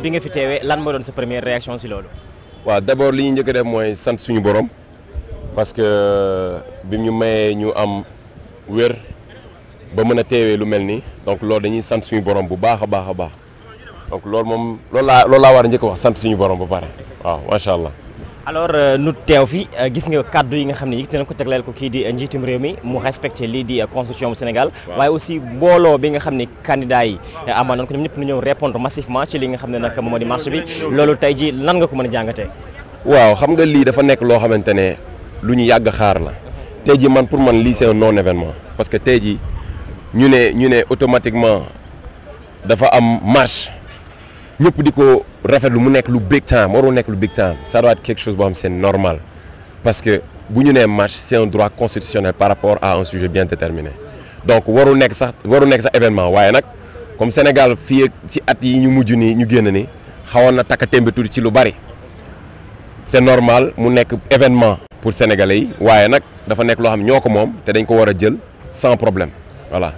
bi nga fi teewee lan moo doon sa première réaction si loolu. waaw d' abord li ñu njëkk a def mooy sant suñu borom parce que euh, bi ñu mayee ñu am wér ba mën a teewee lu mel nii donc loolu dañuy sant suñu borom bu baax a baax a baax donc loolu moom loolu laa loolu laa war a njëkk wax sant suñu borom ba pare waaw macha allah. alors euh, nu teew fi euh, gis nga kàddu yi nga xam ne yëkkati na teg tegleel ko kii di euh, njiitum réew mi mu respecté lii di constitution bu Sénégal waaye aussi booloo bi nga xam ni candidat yi amoon nañ ko ñoom ñëpp nu ñëw répondre massivement ci li nga xam ne nag moom moo di marche bi loolu tey ji lan nga ko mën a jàngatee waaw xam nga lii dafa nekk loo xamante ne lu ñu yàgg xaar la tey ji man pour man lii c'est un non événement parce que tey ji ñu ne ñu ne automatiquement dafa am marche ñëpp di ko rafet lu mu nekk lu big time warul nekk lu big time ça doit être quelque chose boo xam c'est normal parce que bu ñu nee match c'est un droit constitutionnel par rapport a un sujet bien déterminé donc warul nekk sax warul nekk sax événement waaye nag comme Sénégal fii ci at yi ñu mujj nii ñu génn ni xawoon na takk tembe ci lu bari c'est normal mu nekk événement pour sénégalais yi waaye nag dafa nekk loo xam ñoo ko moom te dañ ko war a jël sans problème voilà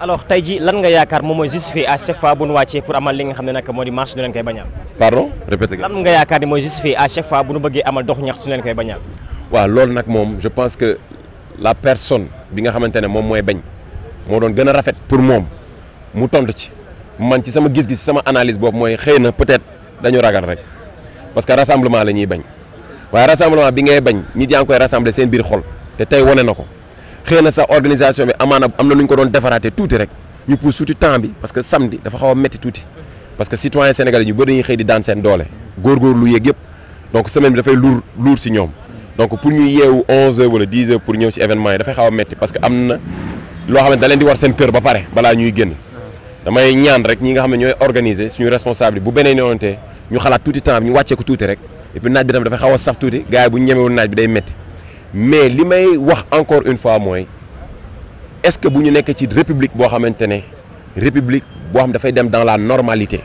alors tey ji lan nga yaakaar moom mooy justifier à chaque fois bu nu wàccee pour amal li nga xam ne nag moo di marche ñu leen koy bañal. pardon répété lan nga yaakaar mooy justifier à chaque fois bu nu bëggee amal dox ñax su leen koy bañal. waaw loolu nag moom je pense que la personne bi nga xamante ne moom mooy bañ moo doon gën a rafet pour moom mu tontu ci man ci sama gis-gis sama analyse boobu mooy xëy na peut-être dañu ragal rek parce que rassemblement la ñuy bañ waaye rassemblement bi ngay bañ nit yaa ngi koy seen biir xol te tey wane na ko. xëy na sax organisation bi amaana am na lu ñu ko doon defaraatee tuuti rek ñu pousse tuuti temps bi parce que samedi dafa xaw a métti tuuti parce que citoyen sénégalais ñu bëri dañuy xëy di daan seen doole góorgóorlu yeeg yëpp donc semaine bi dafay lourd lourd si ñoom donc pour ñu yeewu 11h wala 10 pour ñëw si événement yi dafay a métti parce que am na loo xam ne da di war seen kër ba pare balaa ñuy génn damay ñaan rek ñi nga xam ne ñooy organiser suñu responsable bu beneen yoonte ñu xalaat tuuti temps bi ñu wàccee ko tuuti rek et puis naaj bi tamit dafay xaw a saf tuuti gars yi bu ñu ñemewul naaj bi day métti mais li may wax encore une fois mooy est-ce que bu ñu nekk ci république boo xamante ne république boo xam dafay dem dans la normalité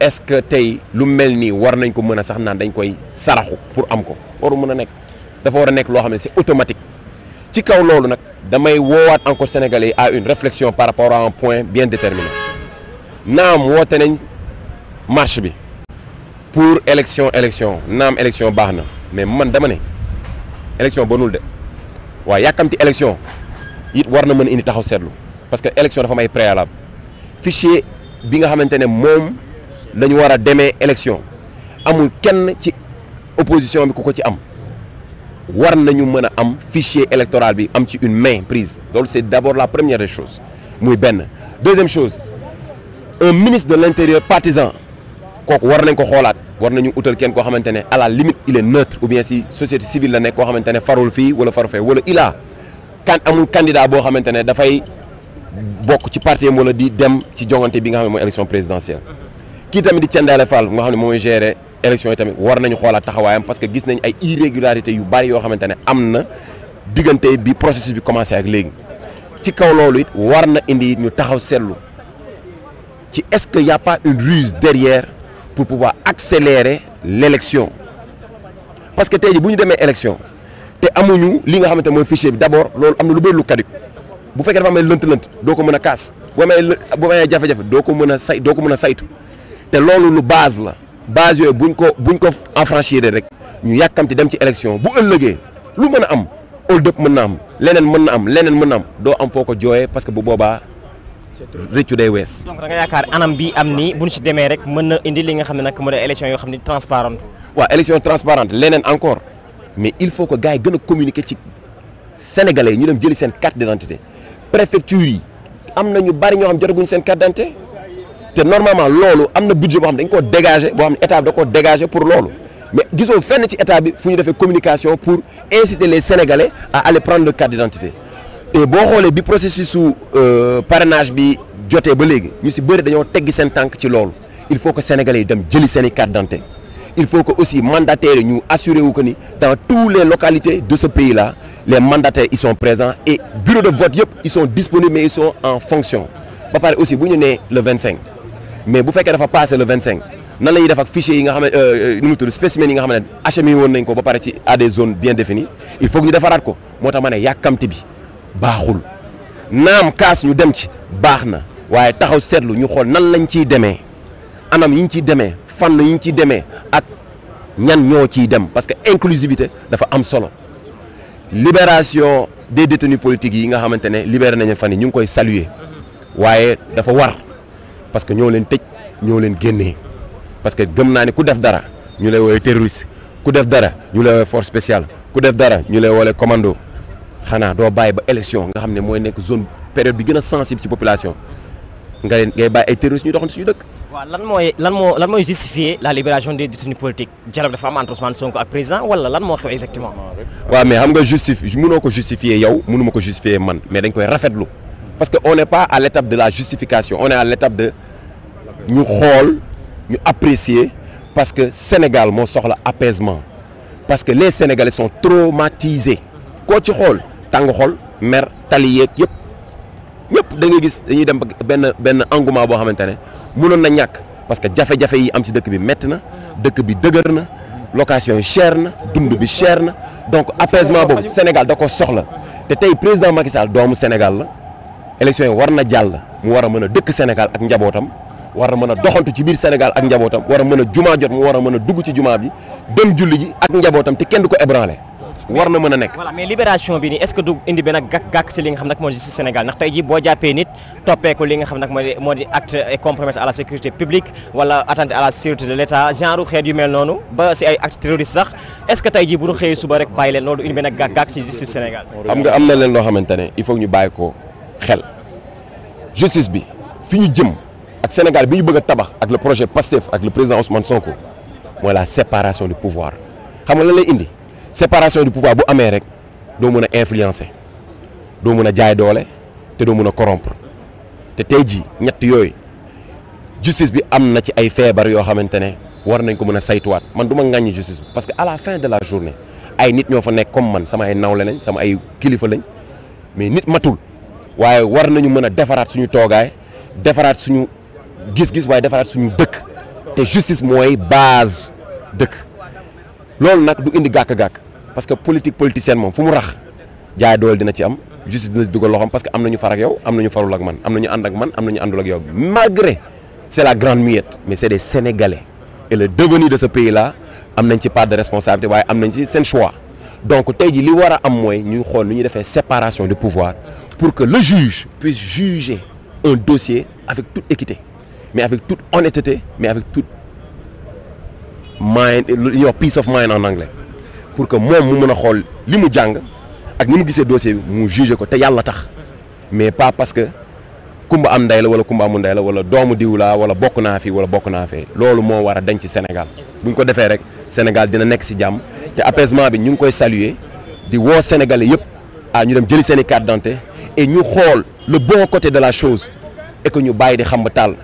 est-ce que tey lu mel nii war nañ ko mën a sax naa dañ koy saraxu pour am ko warul mën a nekk dafa war a nekk loo xam ne si automatique ci kaw loolu nag damay woowaat encore sénégalais yi à une réflexion par rapport à un point bien déterminé naam woote nañ marche bi pour élection élection naam élection baax na mais man dama ne élection bonul de waaye yàkkamti élection it war na mën a indi taxaw seetlu parce que élection dafa may préalable fichier bi nga xamante ne moom la ñu war a demee élection amul kenn ci opposition bi ku ko ci am war nañu mën a am fichier électoral bi am ci une main prise loolu c'est d'abord la première des choses muy benn deuxième chose un ministre de l'intérieur partisan kooku war nañ ko xoolaat war nañu utal kenn koo xamante ne à la limite il est neutre ou bien si société civile la nekk koo xamante ne farul fii wala faru fee wala ilaa kan amul candidat boo xamante ne dafay bokk ci parti am wala di dem ci jongante bi nga xam ne mooy élection présidentielle. kii tamit di Thiendella Fall nga xam ne mooy gérer élection yi tamit war nañu xoolaat taxawaayam parce que gis nañ ay irrégularités yu bari yoo xamante ne am na diggante bi processus bi commencé ak léegi ci kaw loolu it war na indi ñu taxaw seetlu ci est-ce que y a pas une pour pouvoir accélérer l'élection parce que tey jii bu ñu demee élection te amuñu li nga xamante mooy fichier bi d'abord loolu am na lu bëri lu kaddu bu fekkee dafa amee lënt-lënt doo ko mën a kaas bu amee bu amee jafe-jafe doo ko mën a ko mën a saytu te loolu lu base la base yooyu buñ ko buñ ko affranchir rek ñu yàkkamti dem ci élection bu ëllëgee lu mën a am hold-up mën na am leneen mën na am leneen mën na am doo am foo ko jooyee parce que bu boobaa. rëccu day wees. donc da nga yaakaar anam bi am nii bu ñu si demee rek mën na indi li nga xam ne nag moo di élection yoo xam ni transparente. waaw élection transparente leneen encore mais il faut que gars yi gën a communiquer ci sénégalais yi ñu dem jëli seen carte d'identité préfecture yi am na ñu bari ñoo xam ñu seen carte d'identité te normalement loolu am na budget boo xam dañ koo dégager boo xam ne état bi da koo dégager pour loolu mais gisoo fenn ci état bi fu ñu defee communication pour inciter les sénégalais à aller prendre leur boo xoolee bi processus su euh, parrainage bi jotee ba léegi ñu si bëri dañoo teggi seen tànk ci loolu il faut que sénégalais yi dem jëli seeni i dante d'identité il faut que aussi mandataires yi ñu assuré wu que ni dans toutes les localités de ce pays là les mandataires ils sont présents et bureau de vote yëpp ils sont disponibles mais ils sont en fonction ba pare aussi bu ñu nee le 25 mais bu fekkee dafa passé le 25 nan la ñuy def ak yi nga xam ne euh, nu mu tudd spécimen yi nga ne acheminé woon nañ ko ba pare ci à des zones bien définies ñu defaraat ko moo tax ma ne yàkkamti bi. baaxul naam kaas ñu dem ci baax na waaye taxaw seetlu ñu xool nan lañ ciy demee anam yi ñu ciy demee fànn yi ñu ciy demee ak ñan ñoo ciy dem parce que inclusivité dafa am solo libération des détenus politiques yi nga xamante ne libéré nañu fan yi ñu ngi koy saluer waaye dafa war parce que ñoo leen tëj ñoo leen génnee parce que gëm naa ne ku def dara ñu lay woowee terroriste ku def dara ñu lay woowee force spéciale ku def dara ñu lay woowee commando xanaa doo bàyyi ba élection nga xam ne mooy nekk zone période bi gën a sensible ci population nga leen ngay bàyyi ay terroristes ñu doxoon suñu dëkk. waaw lan mooy lan moo lan mooy justifier la libération des détenus politiques dialogue dafa am entre Ousmane Sonko ak président wala lan moo xew exactement. waaw mais xam nga justifié mënoo ko justifier yow mënuma ko justifier man mais dañ koy rafetlu parce que on n'est pas à l'étape de la justification on est à l'étape de ñu xool ñu apprécier parce que Sénégal moo soxla apaisement parce que les Sénégalais sont traumatisés koo ci xool. tàng xol mer tali yeeg yëpp ñëpp da ngay gis dañuy dem benn benn engouement boo xamante ne mënoon na ñàkk parce que jafe-jafe yi am ci dëkk bi métti na dëkk bi dëgër na location yi cher na dund bi cher na donc apaisement boobu Sénégal da ko soxla te tey président Macky Sall doomu Sénégal la élection yi war na jàll mu war a mën a dëkk Sénégal ak njabootam war a mën a doxantu ci biir Sénégal ak njabootam war a mën a jumaa jot mu war a mën a dugg ci jumaa bi dem jul ji ak njabootam te kenn du ko ébranlé war na mën a nekk. voilà mais libération bi nii est-ce que du indi benn gàkk-gàkk si li nga xam nag moo di justice Sénégal ndax tey jii boo jàppee nit toppeeku li nga xam nag moo di acte compromettre à la sécurité publique wala atteinte à la sûreté de l'État genre xeet yu mel noonu ba si ay acte terroriste sax est-ce que tey jii bu ñu xëyee suba rek bàyyi leen loolu du indi benn gàkk-gàkk si justice Sénégal. xam nga am na leen loo xamante ne bàyyi ko xel justice bi fi ñu jëm ak Sénégal bi ñu bëgg a tabax ak le projet PASTEF ak le président Ousmane Sonko mooy séparation du pouvoir xam nga lan lay indi séparation du pouvoir bu amee rek doo mën a influencer doo mën a jaay doole te doo mën a corrompre te tey jii ñett yooyu justice bi am na ci ay feebar yoo xamante ne war nañ ko mën a saytuwaat man du ma ŋàññi justice bi parce que à la fin de la journée ay nit ñoo fa nekk comme man sama ay nawle lañ sama ay kilifa lañ mais nit matul waaye war nañu mën a defaraat suñu toogaay defaraat suñu gis-gis waaye defaraat suñu dëkk te justice mooy base dëkk loolu nag du indi gàkk-gàkk parce que politique politicienne moom fu mu rax jaay doole dina ci am justice dina ci dugal loxoom parce que am na ñu far ak yow am na ñu farul ak man am na ñu ànd ak man am na ñu àndul ak yow malgré c'est la grande muette mais c'est des sénégalais et le devenir de ce pays là am nañ ci part de responsabilité waaye am nañ ci seen choix donc tey jii li war a am mooy ñu xool nu ñu defee séparation de pouvoir pour que le juge puisse juger un dossier avec toute mais avec toute honnêteté mais avec mind lu ñuy wax peace of mind en anglais pour que moom mu mën a xool li mu jàng ak ni mu gisee dossier bi mu jugé ko te yàlla tax mais pas parce que kumba am nday la wala kumba amu nday la wala doomu diw laa wala bokk naa fi wala bokk naa fee loolu moo war a denc ci Sénégal bu ñu ko defee rek Sénégal dina nekk si jàmm te apaisement bi ñu ngi koy saluer di woo Sénégalais yëpp ah ñu dem jëli seen i carte d'identité ñu xool boo bon côté de la chose et que ñu bàyyi di xam ba taal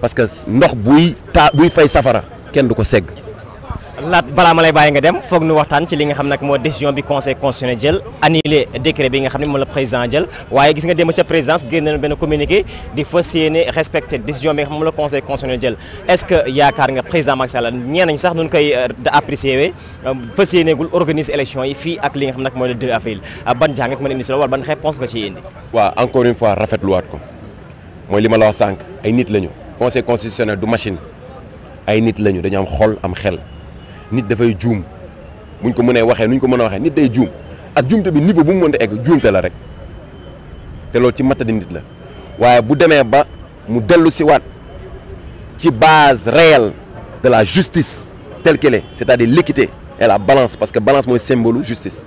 parce que ndox buy taa buy fay safara kenn du ko segg laat balaa ma lay bàyyi nga dem foog nu waxtaan ci li nga xam nag moo décision bi conseil constitutionnel jël annulé décret bi nga xam ne moom la président jël waaye gis nga démb ca présidence génne benn communiqué di fas yéene respecté décision bi jël est-ce que yaakaar nga président Macky Sall ñeen nañ sax nun koy euh, apprécié wee euh, fas yéeneegul organiser élection yi fii ak li nga xam nag mooy le 2 avril euh, ban jàngat mën a indi si loolu wala ban réponse nga ci indi waaw encore une fois rafetluwaat ko mooy li ma la wax sànq ay nit lañu conseil constitutionnel du machine ay nit lañu dañu am xol am xel nit dafay juum buñ ko mënee waxee nuñ ko mën a waxee nit day juum ak juumte bi niveau bu mu mënta egg juumte la rek te loolu ci matadi nit la waaye bu demee ba mu dellu si waat ci base réelle de la justice telle qu'elle est c'est-à-dire l'équité et la balance parce que balance mooy symbole justice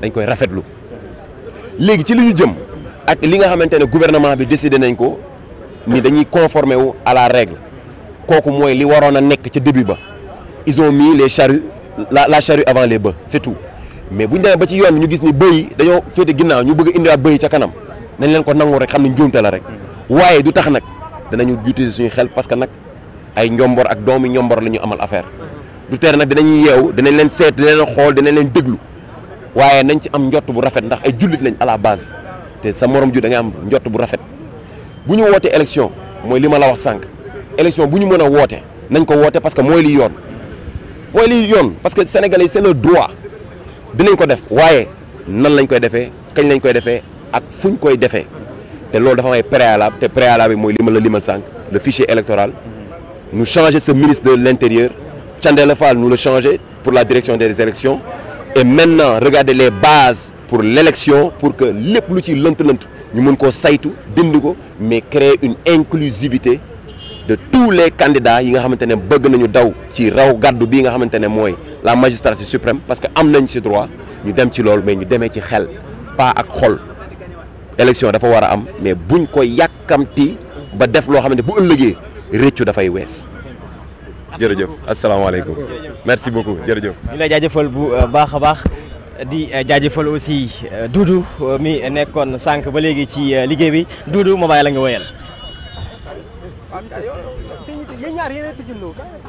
dañ koy rafetlu léegi ci li ñu jëm ak li nga xamante ne gouvernement bi décidé nañ ko ni dañuy conformer wu à la règle kooku mooy li waroon a nekk ca début ba ils ont mis les charrues la la charrue avant les bœufs c'est mais bu ñu demee ba ci yoon ñu gis ni bëy dañoo féete ginnaaw ñu bëgg indiwaat bëy ca kanam nañ leen ko nangoo rek xam ne njuumte la rek waaye du tax nag danañu utiliser suñu xel parce que nag ay njombor ak doomu njombor la ñu amal affaire du tere nag dinañ yeew danañ leen seet dinañ leen xool dinañ leen déglu waaye nañ ci am njott bu rafet ndax ay jullit lañ à la base te sa moroom ju da am njott bu rafet bu ñu wootee élection mooy li ma la wax sànq élection bu ñu mën a woote nañ ko woote parce que mooy li yoon mooy yoon parce que sénégalais c'est le droit dinañ ko def waaye nan lañ koy defee kañ lañ koy defee ak fu fuñ koy defee te loolu dafa am préalable te préalable bi mooy li ma la limal sànq le fichier électoral ñu changer ce ministre de l'intérieur Thiendella Fall nous le changer pour la direction des élections et maintenant regarder les bases pour l'élection pour que lépp lu ci lënt-lënt ñu mën koo saytu dindi ko mais créer une inclusivité de tous les candidats yi nga xamante ne bëgg nañu daw ci raw gàddu bii nga xamante ne mooy la magistrature suprême parce que am nañ ci droit ñu dem ci loolu mais ñu demee ci xel pas ak xol élection dafa war a am mais buñ ko yàkkamti ba def loo xamante bu ëllëgee réccu dafay wees. jërëjëf asalaamaaleykum merci beaucoup jërëjëf. ñu la jaajëfal bu euh, baax a baax di euh, jaajëfal aussi euh, Doudou mi nekkoon sànq ba léegi ci liggéey bi Doudou ma bàyyi la nga wéyal. waaw kay yow yéen ñaar yéen a tijjandoo